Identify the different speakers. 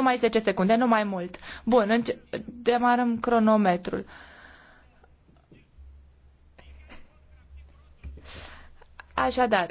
Speaker 1: Numai 10 secunde, nu mai mult. Bun, demarăm cronometrul. Așadar,